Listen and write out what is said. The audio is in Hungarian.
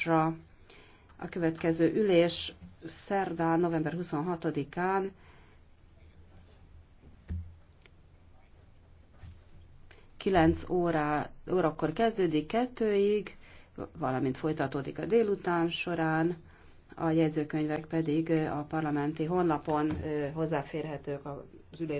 szavazásra. A következő ülés szerdán, november 26-án kilenc órá, órakor kezdődik kettőig, valamint folytatódik a délután során, a jegyzőkönyvek pedig a parlamenti honlapon hozzáférhetők az ülés.